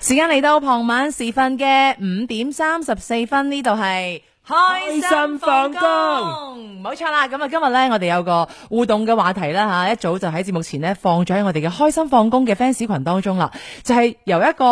時間嚟到傍晚時分嘅五點三十四分，呢度係開心放工，冇錯啦。咁啊，今日咧我哋有個互動嘅話題啦，吓一早就喺節目前呢放咗喺我哋嘅開心放工嘅 fans 群當中啦，就係由一個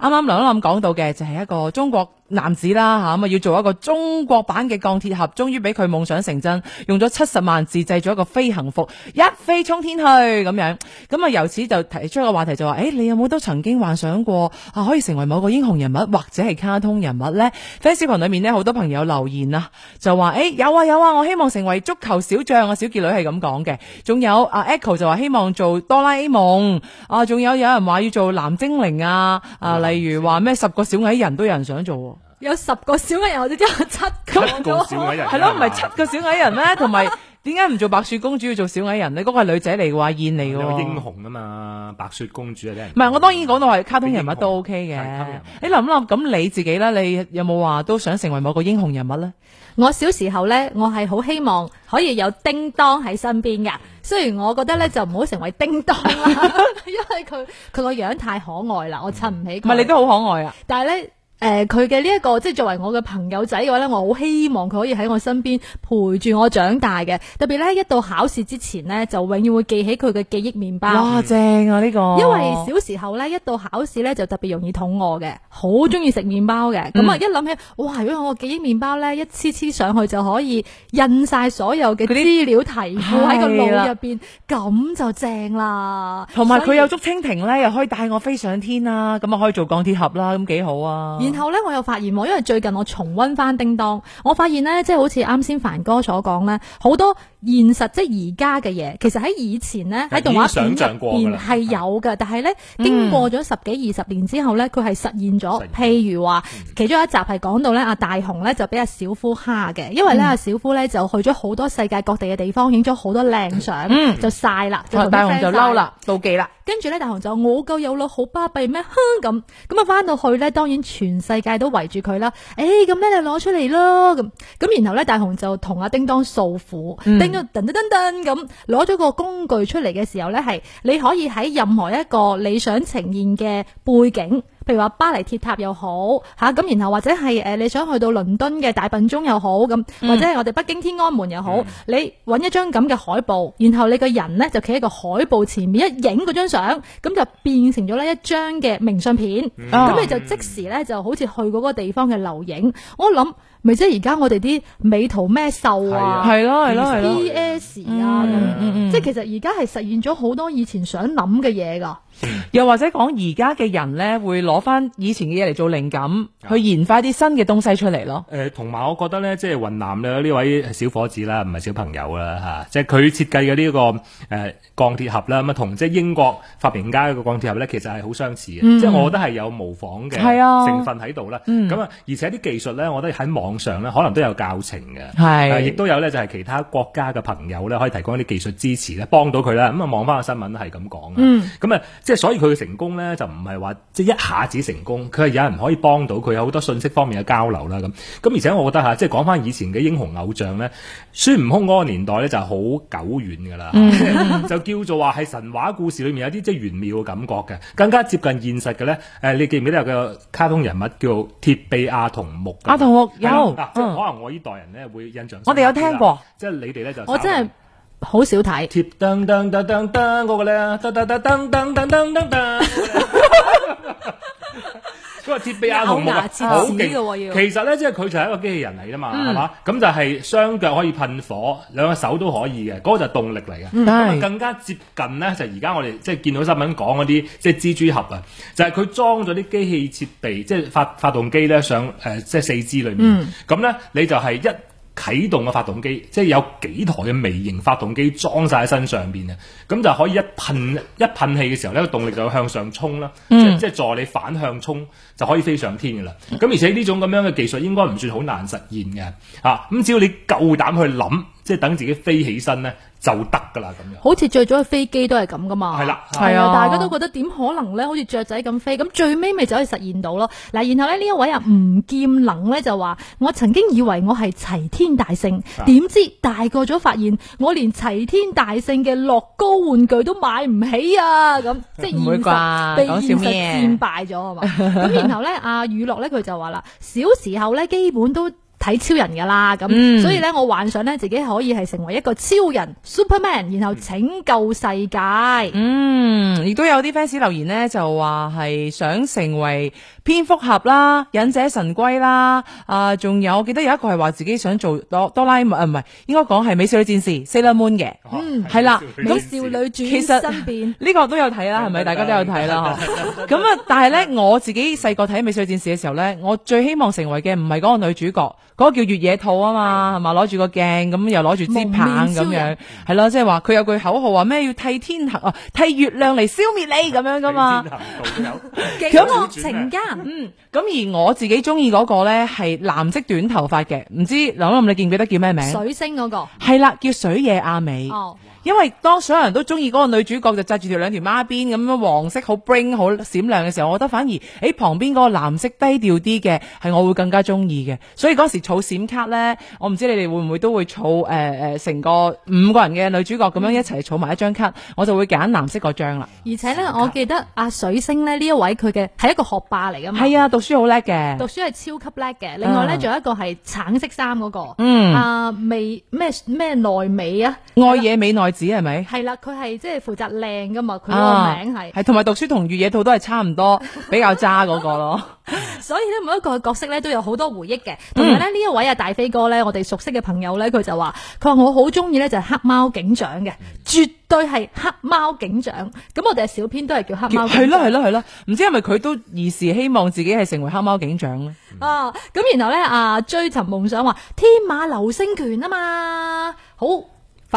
啱啱諗一諗講到嘅，就係一個中國。男子啦吓咁啊，要做一個中國版嘅鋼鐵俠，終於俾佢夢想成真，用咗七十萬自製咗一個飛行服，一飛沖天去咁樣。咁啊，由此就提出一個話題就，就話誒，你有冇都曾經幻想過啊，可以成為某個英雄人物或者係卡通人物呢？」Facebook 裏面呢，好多朋友留言啦、啊，就話誒、欸，有啊有啊，我希望成為足球小將啊，小杰女係咁講嘅。仲有 Echo 就話希望做哆啦 A 夢啊，仲有有人話要做藍精靈啊啊，啊嗯、例如話咩十個小矮人都有人想做。有十個小矮人或者只有七個小矮人，係咯，唔係七個小矮人咩？同埋點解唔做白雪公主，要做小矮人？那個、你嗰個係女仔嚟嘅話，豔你嘅。有英雄啊嘛，白雪公主啊啫。唔係，我當然講到話卡通人物都 OK 嘅。你諗諗，咁、欸、你自己咧，你有冇話都想成為某個英雄人物咧？我小時候咧，我係好希望可以有叮當喺身邊㗎。雖然我覺得咧，就唔好成為叮當啦， 因為佢佢個樣太可愛啦，我襯唔起佢。唔係，你都好可愛啊。但係咧。誒，佢嘅呢一個即係作為我嘅朋友仔嘅話咧，我好希望佢可以喺我身邊陪住我長大嘅。特別咧，一到考試之前呢，就永遠會記起佢嘅記憶麵包。哇，正啊呢個！因為小時候咧，一到考試咧就特別容易肚餓嘅，好中意食麵包嘅。咁啊，嗯，一諗起，哇，如果我記憶麵包咧一黐黐上去就可以印晒所有嘅資料題庫喺個腦入邊，咁就正啦。同埋佢有竹蜻蜓咧，以又可以帶我飛上天啦，咁啊，可以做鋼鐵俠啦，咁幾好啊。然後咧，我又發現，因為最近我重温翻《叮噹》，我發現咧，即係好似啱先凡哥所講咧，好多。現實即係而家嘅嘢，其實喺以前呢，喺動畫片想象過係有嘅，但係呢，經過咗十幾二十年之後呢，佢係實現咗。現譬如話、嗯、其中一集係講到呢，阿大雄呢就俾阿小夫蝦嘅，因為呢，阿小夫呢就去咗好多世界各地嘅地方，影咗好多靚相，嗯嗯、就晒啦。啊、大雄就嬲啦，妒忌啦。跟住呢，大雄就我夠有啦，好巴閉咩？哼！」咁咁啊，翻到去呢。當然全世界都圍住佢啦。誒、欸，咁咩你攞出嚟咯？咁咁，然後呢，大雄就同阿叮當訴苦，噔噔噔噔咁攞咗個工具出嚟嘅時候咧，係你可以喺任何一個你想呈現嘅背景。譬如話巴黎鐵塔又好吓，咁、啊、然後或者係誒、呃、你想去到倫敦嘅大笨鐘又好咁，或者係我哋北京天安門又好，嗯、你搵一張咁嘅海報，然後你個人咧就企喺個海報前面一影嗰張相，咁就變成咗呢一張嘅明信片，咁、嗯嗯、你就即時咧就好似去嗰個地方嘅留影。我諗，咪即係而家我哋啲美圖咩秀啊，係咯係咯係咯，P S 啊，即係、嗯嗯、其實而家係實現咗好多以前想諗嘅嘢噶。嗯、又或者講而家嘅人咧，會攞翻以前嘅嘢嚟做靈感，去研發啲新嘅東西出嚟咯。誒、嗯，同埋我覺得咧，即係雲南嘅呢位小伙子啦，唔係小朋友啦吓，即係佢設計嘅呢個誒鋼鐵俠啦，咁啊同即係英國發明家嘅鋼鐵俠咧，其實係好相似嘅，即係、嗯、我覺得係有模仿嘅成分喺度啦。咁啊、嗯，而且啲技術咧，我覺得喺網上咧，可能都有教程嘅。係是。亦、啊、都有咧，就係其他國家嘅朋友咧，可以提供一啲技術支持咧，幫到佢啦。咁、嗯、啊，望翻個新聞係咁講咁啊，嗯即係所以佢嘅成功咧，就唔係話即係一下子成功，佢係有人可以幫到佢，有好多信息方面嘅交流啦咁。咁而且我覺得嚇，即係講返以前嘅英雄偶像咧，孫悟空嗰個年代咧就好久遠噶啦， 就叫做話係神話故事裏面有啲即係玄妙嘅感覺嘅，更加接近現實嘅咧。誒，你記唔記得有個卡通人物叫做鐵臂阿童木？阿童木有，即可能我呢代人咧會印象。我哋有聽過，即係你哋咧就我真係。好少睇。佢話鐵臂阿龍啊，好勁喎要。其實咧，即係佢就係一個機器人嚟啦嘛，係嘛？咁就係雙腳可以噴火，兩個手都可以嘅。嗰個就係動力嚟嘅。更加接近咧就係而家我哋即係見到新聞講嗰啲即係蜘蛛俠啊，就係佢裝咗啲機器設備，即係發發動機咧上，誒，即係四肢裏面。咁咧，你就係一。啟動嘅發動機，即係有幾台嘅微型發動機裝晒喺身上邊嘅，咁就可以一噴一噴氣嘅時候呢個動力就向上衝啦，嗯、即係即係助你反向衝就可以飛上天噶啦！咁而且呢種咁樣嘅技術應該唔算好難實現嘅，吓、啊、咁只要你夠膽去諗。即係等自己飛起身咧就得噶啦咁樣，好似着咗個飛機都係咁噶嘛。係啦，係啊，大家都覺得點可能咧？好似雀仔咁飛，咁最尾咪就可以實現到咯。嗱，然後咧呢一位啊吳劍能咧就話： 我曾經以為我係齊天大聖，點的知大個咗發現我連齊天大聖嘅樂高玩具都買唔起啊！咁即係現實被現實戰敗咗啊嘛。咁 然後咧阿雨樂咧佢就話啦：小時候咧基本都。睇超人噶啦，咁所以咧，我幻想咧自己可以係成為一個超人 Superman，然後拯救世界。嗯，亦都有啲 fans 留言呢，就話係想成為蝙蝠俠啦、忍者神龜啦，啊，仲有我記得有一個係話自己想做哆啦 A 夢，唔、啊、係，應該講係美少女戰士 Sailor Moon 嘅。嗯，係是啦，美少女戰士身邊呢 個都有睇啦，係咪？嗯、大家都有睇啦。咁啊， 但係咧我自己細個睇美少女戰士嘅時候咧，我最希望成為嘅唔係嗰個女主角。嗰個叫月野兔啊嘛，係嘛的，攞住個鏡咁，又攞住支棒咁樣，係咯，即係話佢有句口號話咩？要替天行道，替月亮嚟消滅你咁樣噶嘛？佢係個情家，嗯。咁而我自己中意嗰個咧係藍色短頭髮嘅，唔知諗諗你記唔記得叫咩名？水星嗰、那個係啦，叫水野亞美。哦因為當所有人都中意嗰個女主角就紮住條兩條孖辮咁樣黃色好 bring 好閃亮嘅時候，我覺得反而喺、欸、旁邊嗰個藍色低調啲嘅係我會更加中意嘅。所以嗰時儲閃卡咧，我唔知你哋會唔會都會儲誒誒成個五個人嘅女主角咁樣一齊儲埋一張卡，我就會揀藍色嗰張啦。而且咧，卡我記得阿水星咧呢一位佢嘅係一個學霸嚟噶嘛，係啊，讀書好叻嘅，讀書係超級叻嘅。另外咧仲、嗯、有一個係橙色衫嗰、嗰個，嗯，阿美咩咩內美啊，愛野美奈。子係咪？係啦，佢係即係負責靚噶嘛，佢、啊、個名係係同埋讀書同越野兔都係差唔多， 比較渣嗰個咯。 所以咧，每一個角色咧都有好多回憶嘅。同埋咧呢、嗯、一位啊大飛哥咧，我哋熟悉嘅朋友咧，佢就話佢話，我好中意咧就係黑貓警長嘅，絕對係黑貓警長。咁我哋嘅小編都係叫黑貓。係啦係啦係啦，唔知係咪佢都而是希望自己係成為黑貓警長咧、嗯啊？啊，咁然後咧啊，追尋夢想話天馬流星拳啊嘛，好。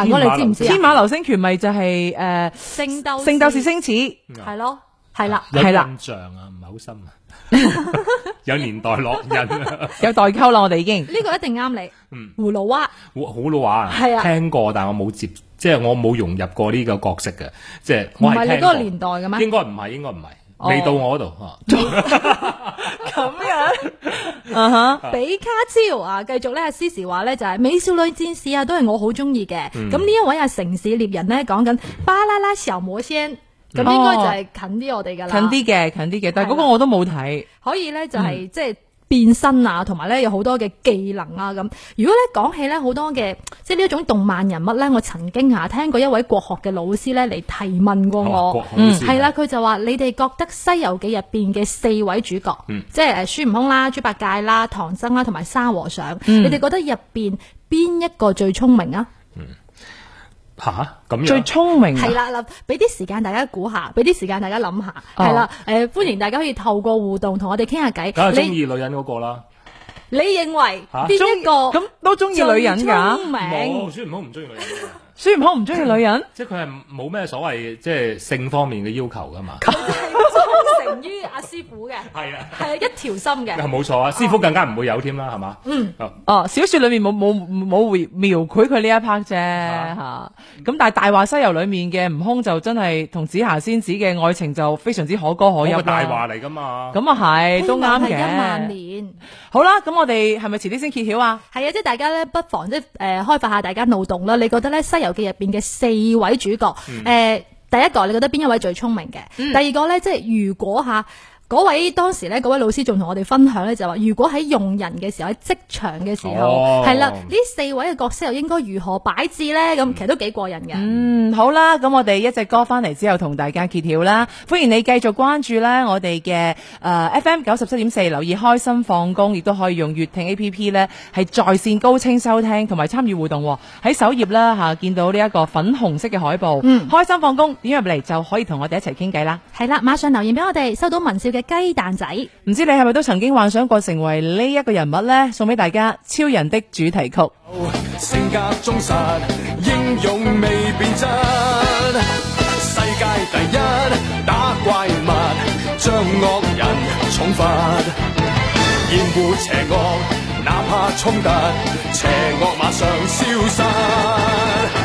你知唔知？天馬流星拳咪就係誒，聖鬥聖鬥士星矢係咯，係啦，係啦。印象啊，唔係好深啊，有年代烙印，有代溝啦，我哋已經呢個一定啱你。嗯，葫蘆娃，葫蘆娃係啊，聽過，但我冇接，即係我冇融入過呢個角色嘅，即係我唔係你嗰個年代嘅嘛？應該唔係，應該唔係。未到我嗰度，咁、哦、 樣，啊哈、 uh，huh, 比卡超啊，繼續咧，詩詩話咧就係美少女戰士啊，都係我好中意嘅。咁呢、嗯、一位啊，城市獵人咧，講緊巴啦啦小魔仙，咁、嗯、應該就係近啲我哋噶啦。近啲嘅，近啲嘅，但係嗰個我都冇睇。可以咧、就係，就係即係。變身啊，同埋咧有好多嘅技能啊咁。如果咧講起咧好多嘅，即係呢一種動漫人物咧，我曾經啊聽過一位國學嘅老師咧嚟提問過我，係啦、哦，佢、嗯、就話、嗯、你哋覺得《西遊記》入邊嘅四位主角，嗯、即係孫悟空啦、豬八戒啦、唐僧啦同埋沙和尚，嗯、你哋覺得入邊邊一個最聰明啊？吓咁、啊、樣最聰明係啦，嗱，俾啲時間大家估下，俾啲時間大家諗下，係啦、啊，誒、呃，歡迎大家可以透過互動同我哋傾下偈。你中意女人嗰個啦？你，你認為邊一個咁都中意女人噶？孫悟空唔中意女人。孫悟空唔中意女人？即係佢係冇咩所謂，即係性方面嘅要求噶嘛？ 于阿師傅嘅係啊，係啊，一條心嘅，冇錯啊！師傅更加唔會有添啦，係嘛、啊？吧嗯，哦好、啊，小說裏面冇冇冇描繪佢呢一 part 啫，吓咁、啊啊、但係《大話西遊》裏面嘅悟空就真係同紫霞仙子嘅愛情就非常之可歌可泣，大話嚟噶嘛？咁啊係，都啱嘅。一萬年。好啦，咁我哋係咪遲啲先揭曉啊？係啊，即係大家咧不妨即係誒，開發下大家腦洞啦！你覺得咧《西遊記》入邊嘅四位主角誒？嗯欸第一個，你覺得邊一位最聰明嘅？嗯、第二個咧，即係如果吓。嗰位當時呢，嗰位老師仲同我哋分享呢，就話如果喺用人嘅時候，喺職場嘅時候，係啦、oh.，呢四位嘅角色又應該如何擺置呢？咁其實都幾過癮嘅。嗯，好啦，咁我哋一隻歌翻嚟之後，同大家揭曉啦。歡迎你繼續關注啦，我哋嘅誒 F M 九十七點四，4, 留意開心放工，亦都可以用粵聽 A P P 呢係在線高清收聽參與活，同埋參與互動喺首頁啦吓，見到呢一個粉紅色嘅海報，嗯，開心放工點入嚟就可以同我哋一齊傾偈啦。係啦，馬上留言俾我哋，收到文少嘅。雞蛋仔，唔知你係咪都曾經幻想過成為呢一個人物呢？送俾大家超人的主題曲。性格忠實，英勇未變質，世界第一打怪物，將惡人重罰，厭惡邪惡，哪怕衝突，邪惡馬上消失。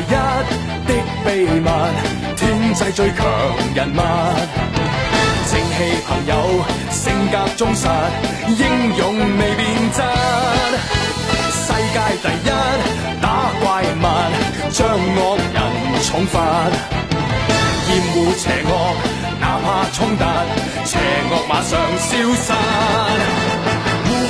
第一的秘密，天際最強人物，正氣朋友，性格忠實，英勇未變質。世界第一打怪物，將惡人重罰，厭惡邪惡，哪怕衝突，邪惡馬上消失。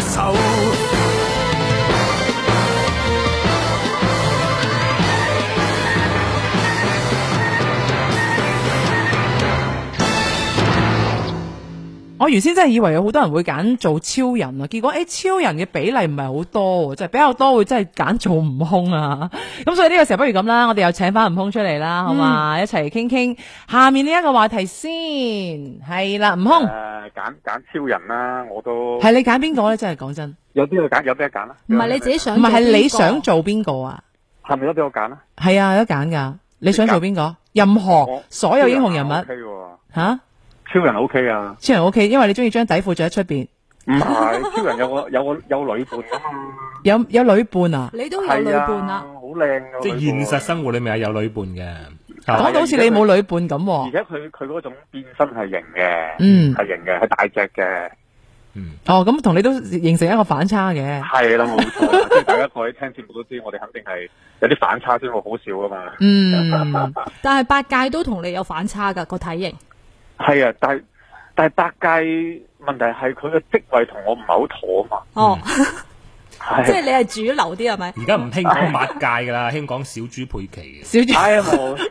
出手。.我原先真係以為有好多人會揀做超人啊，結果誒、欸、超人嘅比例唔係好多，即、就、係、是、比較多會真係揀做悟空啊。咁 所以呢個時候不如咁啦，我哋又請翻悟空出嚟啦，好嘛，嗯、一齊傾傾下面呢一個話題先。係啦，悟空誒揀揀超人啦、啊，我都係你揀邊個咧？真係講真，有邊個揀，有邊個揀啊。唔係你自己想做，唔係你想做邊個啊？係咪都俾我揀啦？係啊，有得揀噶，你想做邊個？選任何所有英雄人物吓。哦哦哦哦。超人 O、OK、K 啊，超人 O、OK, K，因為你中意將底褲着喺出邊。唔係，超人有我有我有，有女伴啊嘛。 有有女伴啊？你都有女伴啊，好靚，即係現實生活裏面係有女伴嘅，講到好似你冇女伴咁。而家佢佢嗰種變身係型嘅，嗯係型嘅，係大隻嘅。的嗯。哦，咁同你都形成一個反差嘅。係啦，冇錯，即係 大家可以聽節目都知，我哋肯定係有啲反差先會好笑噶嘛。嗯， 但係八戒都同你有反差噶個體型。係啊，但係但係八戒問題係佢嘅職位同我唔係好妥啊嘛。哦，即係你係主流啲係咪？而家唔興講八戒噶啦，興講小豬佩奇嘅。小豬，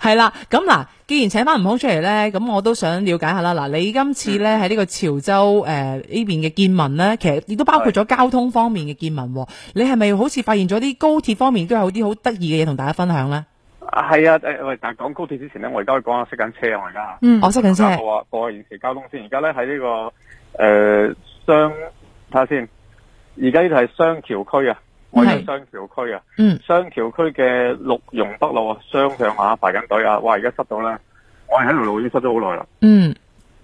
係啦，咁嗱，既然請翻悟空出嚟咧，咁我都想了解下啦。嗱，你今次咧喺呢個潮州誒、呃、呢邊嘅見聞咧，其實亦都包括咗交通方面嘅見聞。是你係咪好似發現咗啲高鐵方面都有啲好得意嘅嘢同大家分享咧？啊，係啊，誒、哎、喂，但係講高鐵之前咧，我而家要講下熄緊車啊，我而家嗯，我塞緊車。好啊過完時交通先，而家咧喺呢、這個誒雙睇下先，而家呢度係雙橋區啊，我喺雙橋區啊，嗯，雙橋區嘅綠榕北路啊，雙向下排緊隊啊，哇，而家塞到咧，我係喺呢路已經塞咗好耐啦，嗯，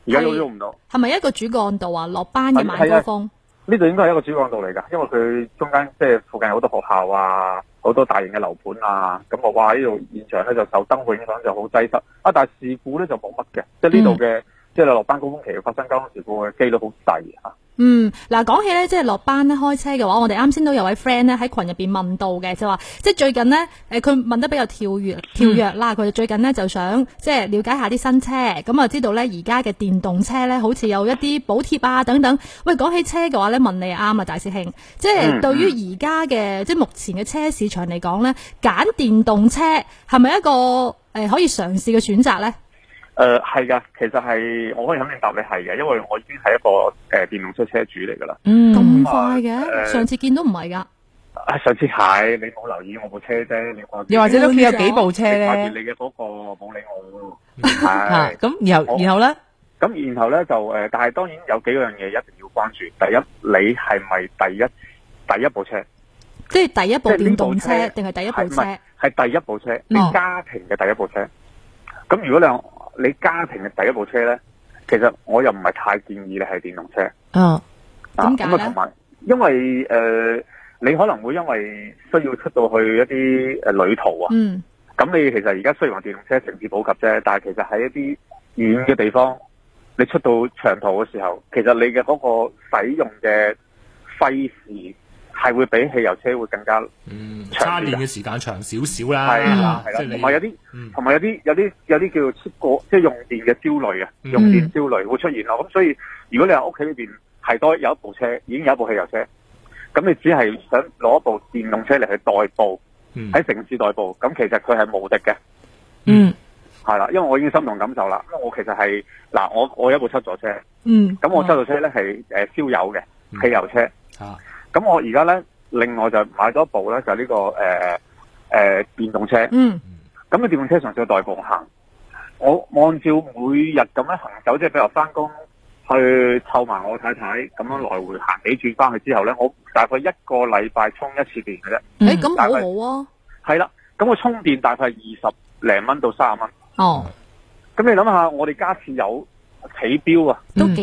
而家都喐唔到。係咪一個主幹道啊？落班嘅晚高峰，呢度應該係一個主幹道嚟噶，因為佢中間即係附近有好多學校啊。好多大型嘅樓盤啊，咁啊，話呢度現場呢就受燈號影響就好擠塞，啊！但係事故呢就冇乜嘅，即係呢度嘅，嗯、即係落班高峯期發生交通事故嘅機率好細啊。嗯，嗱，講起咧，即係落班咧，開車嘅話，我哋啱先都有位 friend 咧喺群入邊問到嘅，就話即係最近呢誒，佢問得比較跳躍跳躍啦，佢、嗯、最近呢就想即係了解下啲新車，咁啊，知道呢而家嘅電動車呢好似有一啲補貼啊等等。喂，講起車嘅話呢，問你啱啊，大師兄，嗯嗯，即係對於而家嘅即係目前嘅車市場嚟講呢，揀電動車係咪一個誒、呃、可以嘗試嘅選擇呢？誒，係噶，其實係我可以肯定答你係嘅，因為我已經係一個誒電動車車主嚟噶啦。嗯，咁快嘅，上次見都唔係噶。啊，上次係你冇留意我部車啫。你我又或者屋企有幾部車咧？你發現你嘅嗰個冇理我。係咁，然後然後咧？咁然後咧就誒，但係當然有幾樣嘢一定要關注。第一，你係咪第一第一部車？即係第一部電動車定係第一部車？係第一部車，你家庭嘅第一部車。咁如果你你家庭嘅第一部車呢，其實我又唔係太建議你係電動車。嗯，點解咧？咁啊，同埋因為誒、呃，你可能會因為需要出到去一啲旅途啊。嗯。咁你其實而家雖然話電動車城市普及啫，但係其實喺一啲遠嘅地方，嗯、你出到長途嘅時候，其實你嘅嗰個使用嘅費事。係會比汽油車會更加，充電嘅時間長少少啦，同埋有啲，同埋有啲有啲有啲叫做過，即係用電嘅焦慮，用電焦慮會出現咯。咁所以如果你喺屋企裏邊係多有一部車，已經有一部汽油車，咁你只係想攞一部電動車嚟，去代步，喺城市代步，咁其實佢係無敵嘅。嗯，係啦，因為我已經心動感受啦，因為我其實係嗱，我我有一部七座車，嗯，咁我七座車咧係誒燒油嘅汽油車啊。咁我而家咧，另外就買咗部咧，就係、是、呢、這個誒誒、呃呃、電動車。嗯。咁嘅電動車純粹代步行，我按照每日咁樣行走，即係譬如話翻工去湊埋我太太咁樣來回行幾轉翻去之後咧，我大概一個禮拜充一次電嘅啫。誒、嗯，咁好唔好啊？係啦，咁我充電大概二十零蚊到三十蚊。哦。咁你諗下，我哋加次油起標幾啊，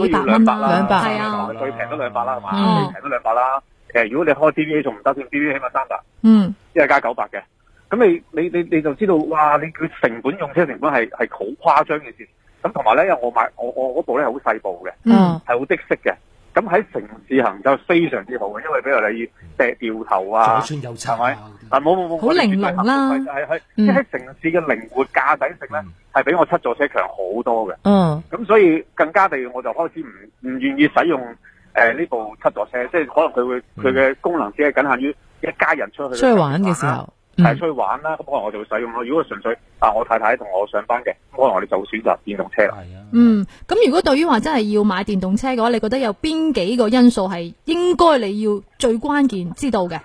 都百兩百啦，係啊，了了最平都兩百啦，係嘛，最平、哦、都兩百啦。誒，如果你開 BBA 仲唔得添 BBA 起碼三百，嗯，即係加九百嘅，咁你你你你就知道，哇！你佢成本用車成本係係好誇張嘅事。咁同埋咧，因為我買我我嗰部咧係好細部嘅，嗯，係好的式嘅。咁喺城市行就非常之好嘅，因為比如例如你掉,掉頭啊，左轉右插，係咪、啊？嗱、啊，冇冇冇，好靈活啦，係係即係喺城市嘅靈活駕駛性咧，係比我七座車強好多嘅。嗯，咁所以更加地我,我就開始唔唔願意使用。誒，呢、呃、部七座車，即係可能佢會佢嘅功能只係僅限於一家人出去、嗯、出去玩嘅時候，係、嗯、出去玩啦。咁可能我就會使用咯。如果純粹啊，我太太同我上班嘅，咁可能我哋就會選擇電動車啦。嗯，咁如果對於話真係要買電動車嘅話，你覺得有邊幾個因素係應該你要最關鍵知道嘅？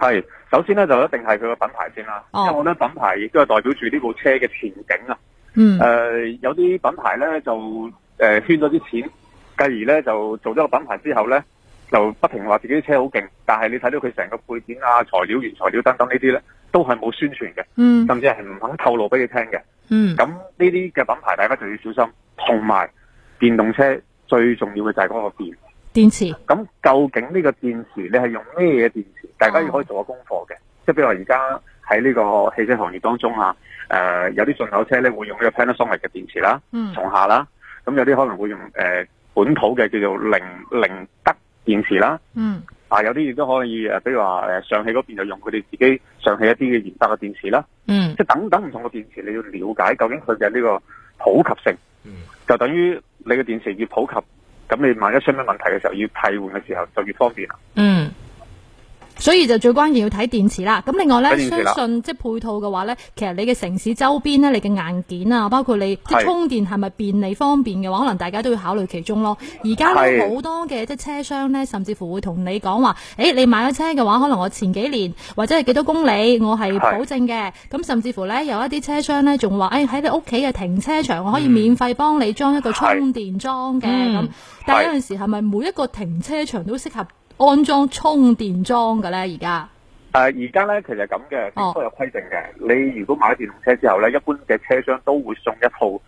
係，首先咧就一定係佢個品牌先啦。哦、因為我覺得品牌亦都係代表住呢部車嘅前景啊。嗯。誒、呃，有啲品牌咧就誒、呃、圈咗啲錢。繼而咧就做咗個品牌之後咧，就不停話自己啲車好勁，但係你睇到佢成個配件啊、材料、原材料等等呢啲咧，都係冇宣傳嘅，嗯、甚至係唔肯透露俾你聽嘅。咁呢啲嘅品牌，大家就要小心。同埋電動車最重要嘅就係嗰個電電池。咁究竟呢個電池你係用咩嘢電池？大家要可以做下功課嘅。即係、哦、比如話而家喺呢個汽車行業當中啊，誒、呃、有啲進口車咧會用呢個 Panasonic 嘅電池啦，松、嗯、下啦。咁有啲可能會用誒。呃本土嘅叫做寧寧德電池啦，嗯，啊有啲亦都可以誒，比如話誒，上汽嗰邊就用佢哋自己上汽一啲嘅研發嘅電池啦，嗯，即係等等唔同嘅電池，你要了解究竟佢嘅呢個普及性，嗯，就等於你嘅電池越普及，咁你萬一出咩問題嘅時候要替換嘅時候就越方便啦，嗯。所以就最關鍵要睇電池啦。咁另外咧，相時信即係配套嘅話咧，其實你嘅城市周邊咧，你嘅硬件啊，包括你是 即充電係咪便利方便嘅話，可能大家都要考慮其中咯。而家呢，好是 多嘅即係車商咧，甚至乎會同你講話，誒、欸，你買咗車嘅話，可能我前幾年或者係幾多公里，我係保證嘅。咁是 甚至乎咧，有一啲車商咧，仲話誒，喺你屋企嘅停車場，嗯、我可以免費幫你裝一個充電樁嘅。咁是、嗯、但係有陣時係咪每一個停車場都適合？安裝充電樁嘅咧，而家誒，而家咧，其實咁嘅，都有規定嘅。哦、你如果買了電動車之後咧，一般嘅車商都會送一套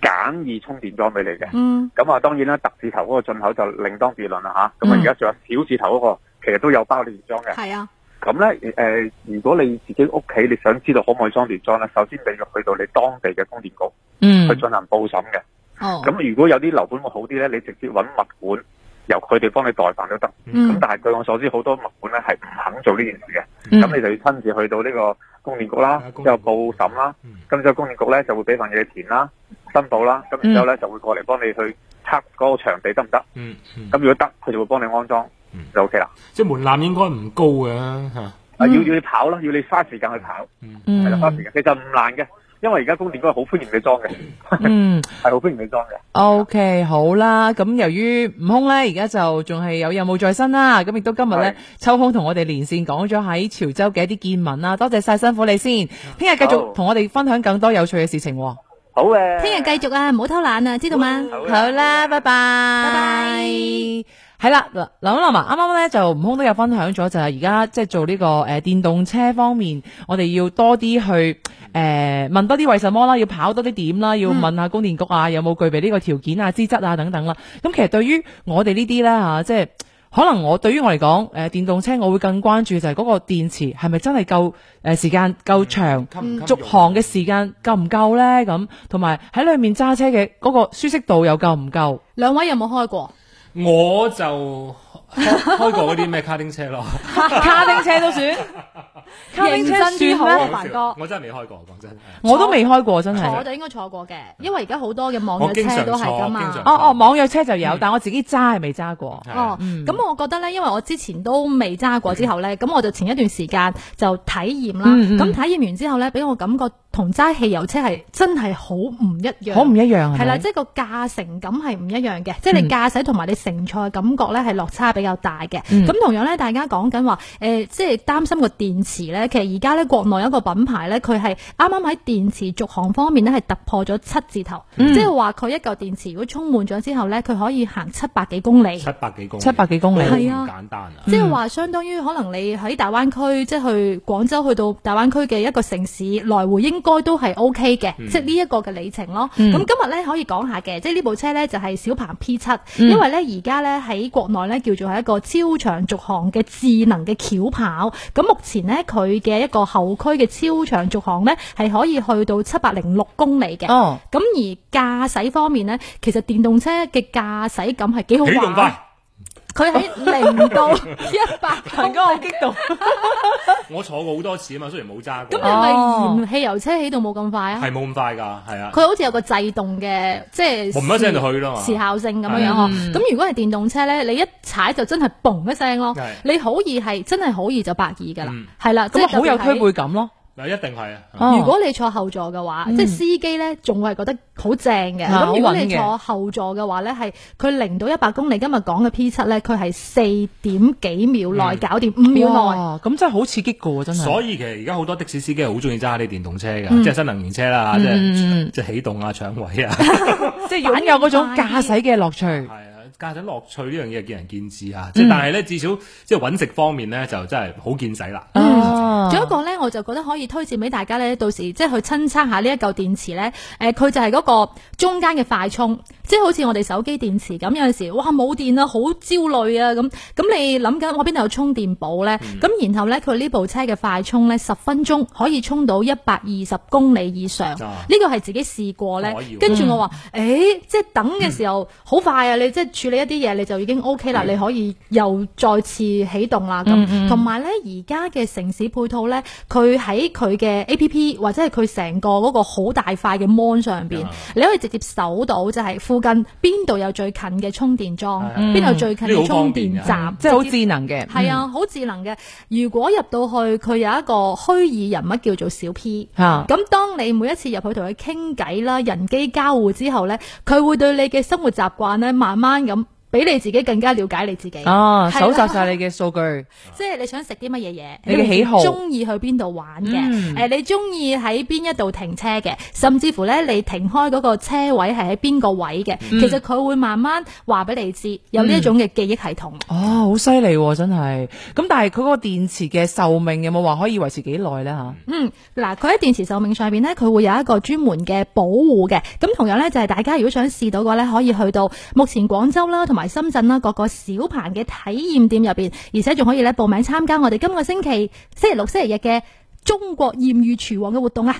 簡易充電樁俾你嘅。嗯，咁啊，當然啦，特字頭嗰個進口就另當別論啦吓。咁啊，而家仲有小字頭嗰、嗰個，嗯、其實都有包你電樁嘅。係啊，咁咧誒，如果你自己屋企你想知道可唔可以裝電樁咧，首先你要去到你當地嘅供電局，嗯，去進行報審嘅。哦，咁如果有啲樓盤會好啲咧，你直接搵物管。由佢哋幫你代辦都得，咁但係據我所知好多物管咧係唔肯做呢件事嘅，咁你就要親自去到呢個供電局啦，之後報審啦，咁之後供電局咧就會俾份嘢填啦、申報啦，咁然之後咧就會過嚟幫你去測嗰個場地得唔得，咁如果得佢就會幫你安裝就 OK 啦。即係門檻應該唔高嘅啊要要你跑啦，要你花時間去跑，係啦花時間，其實唔難嘅。因為而家供電公司好歡迎你裝嘅，嗯，係好 歡迎你裝嘅。O、okay, K，好啦，咁由於悟空咧，而家就仲係有任務在身啦，咁亦都今日咧抽空同我哋連線，講咗喺潮州嘅一啲見聞啦。多謝晒，辛苦你先。聽日繼續同我哋分享更多有趣嘅事情。好嘅的，聽日繼續啊，唔好偷懶啊，知道嗎？好，的好啦，拜拜，拜拜。係啦，諗一諗啊！啱啱咧就悟空都有分享咗，就係而家即係做呢、這個誒、呃、電動車方面，我哋要多啲去誒、呃、問多啲為什麼啦，要跑多啲點啦，要問下供電局啊，有冇具備呢個條件啊、資質啊等等啦。咁其實對於我哋呢啲咧吓，即、啊、係、就是、可能我對於我嚟講，誒、呃、電動車我會更關注就係嗰個電池係咪真係夠誒、呃、時間夠長，嗯、能能夠續航嘅時間夠唔夠咧？咁同埋喺裏面揸車嘅嗰個舒適度又夠唔夠？兩位有冇開過？我就開，開過嗰啲咩卡丁車咯， 卡丁車都算，認真啲好啊，凡 我真係未開過，講真。坐我都未開過，真係。我就應該坐過嘅，因為而家好多嘅網約車都係噶嘛。哦哦，網約車就有，嗯、但我自己揸係未揸過。嗯、哦，咁我覺得咧，因為我之前都未揸過之後咧，咁、嗯、我就前一段時間就體驗啦。咁、嗯嗯、體驗完之後咧，俾我感覺。同揸汽油車係真係好唔一樣，好唔的你一樣係啦，嗯、即係個駕乘感係唔一樣嘅，即係你駕駛同埋你乘坐嘅感覺咧係落差比較大嘅。咁、嗯、同樣咧，大家講緊話誒，即係擔心個電池咧，其實而家咧國內有一個品牌咧，佢係啱啱喺電池續航方面咧係突破咗七字頭，嗯、即係話佢一嚿電池如果充滿咗之後咧，佢可以行七百幾公里，七百幾公里，七百幾公里係對啊，簡單。即係話相當於可能你喺大灣區，嗯、即係去廣州去到大灣區嘅一個城市來回應。應該都係 O K 嘅，即係呢一個嘅里程咯。咁、嗯、今日咧可以講下嘅，即係呢部車咧就係小鵬 P 七，嗯，因為咧而家咧喺國內咧叫做係一個超長續航嘅智能嘅轎跑。咁目前咧佢嘅一個後驅嘅超長續航咧係可以去到七百零六公里嘅。哦，咁而駕駛方面咧，其實電動車嘅駕駛感係幾好玩，幾佢喺零到一百，我覺得好激動，我坐過好多次啊嘛，雖然冇揸過。咁你咪嫌汽油車起到冇咁快啊？係冇咁快㗎，係啊。佢好似有個制動嘅，即係唔一聲就去囉，嘛。時效性咁樣樣咁的如果係電動車咧，你一踩就真係嘣一聲咯。的你好易係真係好易就百二㗎啦，係啦、嗯。咁好有推背感咯。嗱，一定係啊！哦、如果你坐後座嘅話，嗯、即係司機咧，仲會覺得好正嘅。咁如果你坐後座嘅話咧，係佢零到一百公里，今日講嘅 P 七咧，佢係四點幾秒內搞掂，五、嗯、秒內，咁真係好刺激㗎真係。所以其實而家好多的士司機好中意揸呢啲電動車噶，嗯、即係新能源車啦，嗯、即係即係起動啊，搶位啊， 即係擁有嗰種駕駛嘅樂趣。 但、啊、樂趣呢樣嘢係見仁見智啊，即係但係咧至少即係搵食方面咧就真係好見使啦。仲有一個咧，我就覺得可以推薦俾大家咧，到時即係去親測下呢一嚿電池咧。誒，佢就係嗰個中間嘅快充，即係好似我哋手機電池咁，有陣時哇冇電啊，好焦慮啊咁。咁你諗緊我邊度有充電寶咧？咁、嗯、然後咧佢呢部車嘅快充咧，十分鐘可以充到一百二十公里以上。呢、啊、個係自己試過咧。跟住、嗯、我話誒、欸，即係等嘅時候好快啊！嗯、你即係處理。一啲嘢你就已經 OK 啦，的你可以又再次啟動啦咁。同埋咧，而家嘅城市配套咧，佢喺佢嘅 APP 或者係佢成個個好大塊嘅 Mon 上邊，的你可以直接搜到，就係附近邊度有最近嘅充電樁，邊度的有最近嘅充電站，嗯、即係好智能嘅。係啊、嗯，好智能嘅。如果入到去，佢有一個虛擬人物叫做小 P 吓的，咁當你每一次入去同佢傾偈啦，人機交互之後咧，佢會對你嘅生活習慣咧，慢慢咁。比你自己更加了解你自己，啊，蒐集晒你嘅數據，啊、即係你想食啲乜嘢嘢，你嘅喜好，中意去邊度玩嘅，誒，你中意喺邊一度停車嘅，甚至乎咧，你停開嗰個車位係喺邊個位嘅，嗯、其實佢會慢慢話俾你知，有呢一種嘅記憶系統、嗯、哦，好犀利，真係。咁但係佢個電池嘅壽命有冇話可以維持幾耐咧？吓嗯，嗱，佢喺電池壽命上邊咧，佢會有一個專門嘅保護嘅。咁同樣咧，就係大家如果想試到嘅話咧，可以去到目前廣州啦，同埋，喺深圳啦，各個小鵬嘅體驗店入邊，而且仲可以咧報名參加我哋今個星期星期六、星期日嘅中國艷遇廚王嘅活動啊！